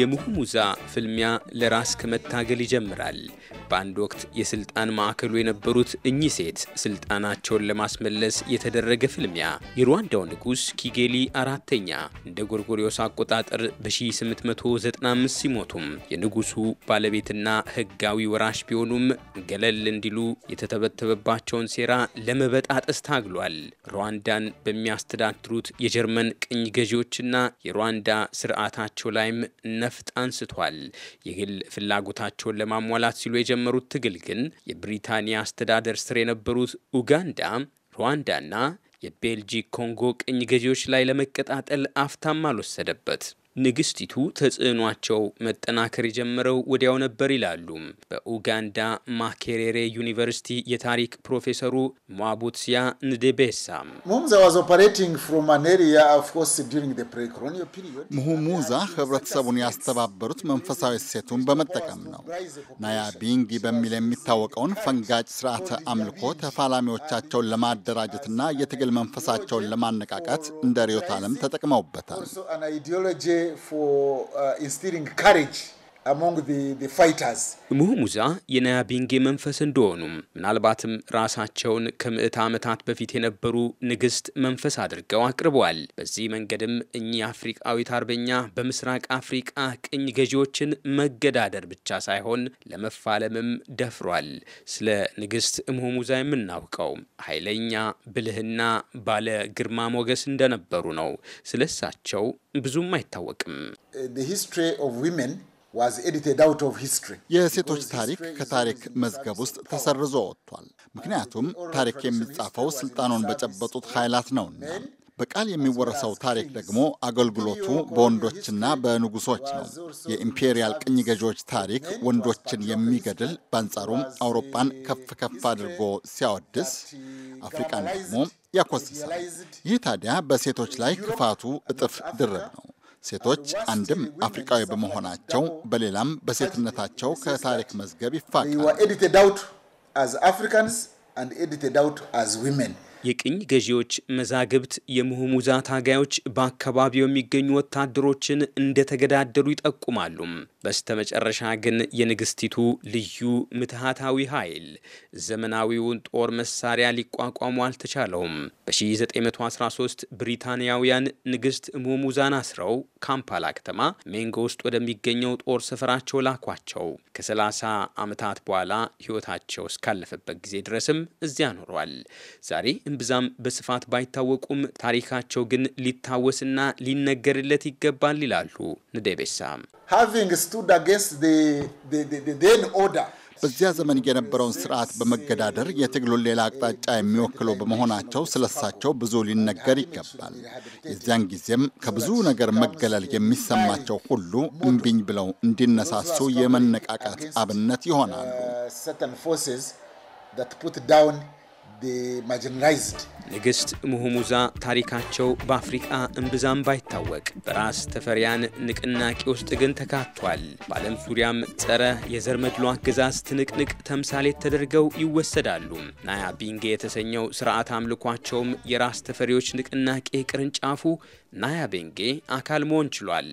የሙሁሙዛ ፍልሚያ ለራስ ከመታገል ይጀምራል። በአንድ ወቅት የስልጣን ማዕከሉ የነበሩት እኚህ ሴት ስልጣናቸውን ለማስመለስ የተደረገ ፍልሚያ የሩዋንዳው ንጉሥ ኪጌሊ አራተኛ እንደ ጎርጎሪዮስ አቆጣጠር በ1895 ሲሞቱም የንጉሱ ባለቤትና ሕጋዊ ወራሽ ቢሆኑም ገለል እንዲሉ የተተበተበባቸውን ሴራ ለመበጣጠስ ታግሏል። ሩዋንዳን በሚያስተዳድሩት የጀርመን ቅኝ ገዢዎችና የሩዋንዳ ስርዓታቸው ላይም ነፍጥ አንስቷል። የግል ፍላጎታቸውን ለማሟላት ሲሉ የጀመ በጀመሩት ትግል ግን የብሪታንያ አስተዳደር ስር የነበሩት ኡጋንዳ፣ ሩዋንዳና የቤልጂክ ኮንጎ ቅኝ ገዢዎች ላይ ለመቀጣጠል አፍታም አልወሰደበት። ንግስቲቱ ተጽዕኗቸው መጠናከር የጀመረው ወዲያው ነበር ይላሉ በኡጋንዳ ማኬሬሬ ዩኒቨርሲቲ የታሪክ ፕሮፌሰሩ ሟቡትሲያ ንዴቤሳ። ሙሁሙዛ ህብረተሰቡን ያስተባበሩት መንፈሳዊ ሴቱን በመጠቀም ነው። ናያ ቢንጊ በሚል የሚታወቀውን ፈንጋጭ ስርዓተ አምልኮ ተፋላሚዎቻቸውን ለማደራጀትና የትግል መንፈሳቸውን ለማነቃቃት እንደ ርዕዮተ ዓለም ተጠቅመውበታል። for uh, instilling courage ምሁሙዛ የናያቢንጌ መንፈስ እንደሆኑ ምናልባትም ራሳቸውን ከምዕት ዓመታት በፊት የነበሩ ንግሥት መንፈስ አድርገው አቅርበዋል። በዚህ መንገድም እኚህ አፍሪቃዊት አርበኛ በምስራቅ አፍሪቃ ቅኝ ገዢዎችን መገዳደር ብቻ ሳይሆን ለመፋለምም ደፍሯል። ስለ ንግሥት ምሁሙዛ የምናውቀው ኃይለኛ ብልህና ባለ ግርማ ሞገስ እንደነበሩ ነው። ስለሳቸው ብዙም አይታወቅም። uh, የሴቶች ታሪክ ከታሪክ መዝገብ ውስጥ ተሰርዞ ወጥቷል። ምክንያቱም ታሪክ የሚጻፈው ስልጣኑን በጨበጡት ኃይላት ነውና። በቃል የሚወረሰው ታሪክ ደግሞ አገልግሎቱ በወንዶችና በንጉሶች ነው። የኢምፔሪያል ቅኝ ገዢዎች ታሪክ ወንዶችን የሚገድል በአንጻሩም አውሮፓን ከፍ ከፍ አድርጎ ሲያወድስ፣ አፍሪቃን ደግሞ ያኮስሳል። ይህ ታዲያ በሴቶች ላይ ክፋቱ እጥፍ ድርብ ነው። ሴቶች አንድም አፍሪቃዊ በመሆናቸው በሌላም በሴትነታቸው ከታሪክ መዝገብ ይፋቃል። የቅኝ ገዢዎች መዛግብት የምሁሙዛ ታጋዮች በአካባቢው የሚገኙ ወታደሮችን እንደተገዳደሉ ይጠቁማሉ። በስተመጨረሻ ግን የንግስቲቱ ልዩ ምትሃታዊ ኃይል ዘመናዊውን ጦር መሳሪያ ሊቋቋሙ አልተቻለውም። በ1913 ብሪታንያውያን ንግስት ሙሙዛን አስረው ካምፓላ ከተማ ሜንጎ ውስጥ ወደሚገኘው ጦር ሰፈራቸው ላኳቸው። ከ30 ዓመታት በኋላ ሕይወታቸው እስካለፈበት ጊዜ ድረስም እዚያ ኖሯል። ዛሬ እምብዛም በስፋት ባይታወቁም ታሪካቸው ግን ሊታወስና ሊነገርለት ይገባል ይላሉ ንደቤሳ። በዚያ ዘመን የነበረውን ስርዓት በመገዳደር የትግሉን ሌላ አቅጣጫ የሚወክሉ በመሆናቸው ስለሳቸው ብዙ ሊነገር ይገባል። የዚያን ጊዜም ከብዙ ነገር መገለል የሚሰማቸው ሁሉ እምቢኝ ብለው እንዲነሳሱ የመነቃቃት አብነት ይሆናሉ። uh, ንግሥት ሙሁሙዛ ታሪካቸው በአፍሪቃ እምብዛም ባይታወቅ በራስ ተፈሪያን ንቅናቄ ውስጥ ግን ተካቷል። በዓለም ዙሪያም ጸረ የዘር መድሎ አገዛዝ ትንቅንቅ ተምሳሌት ተደርገው ይወሰዳሉ። ናያ ቢንጌ የተሰኘው ስርዓት አምልኳቸውም የራስ ተፈሪዎች ንቅናቄ ቅርንጫፉ ናያ ቤንጌ አካል መሆን ችሏል።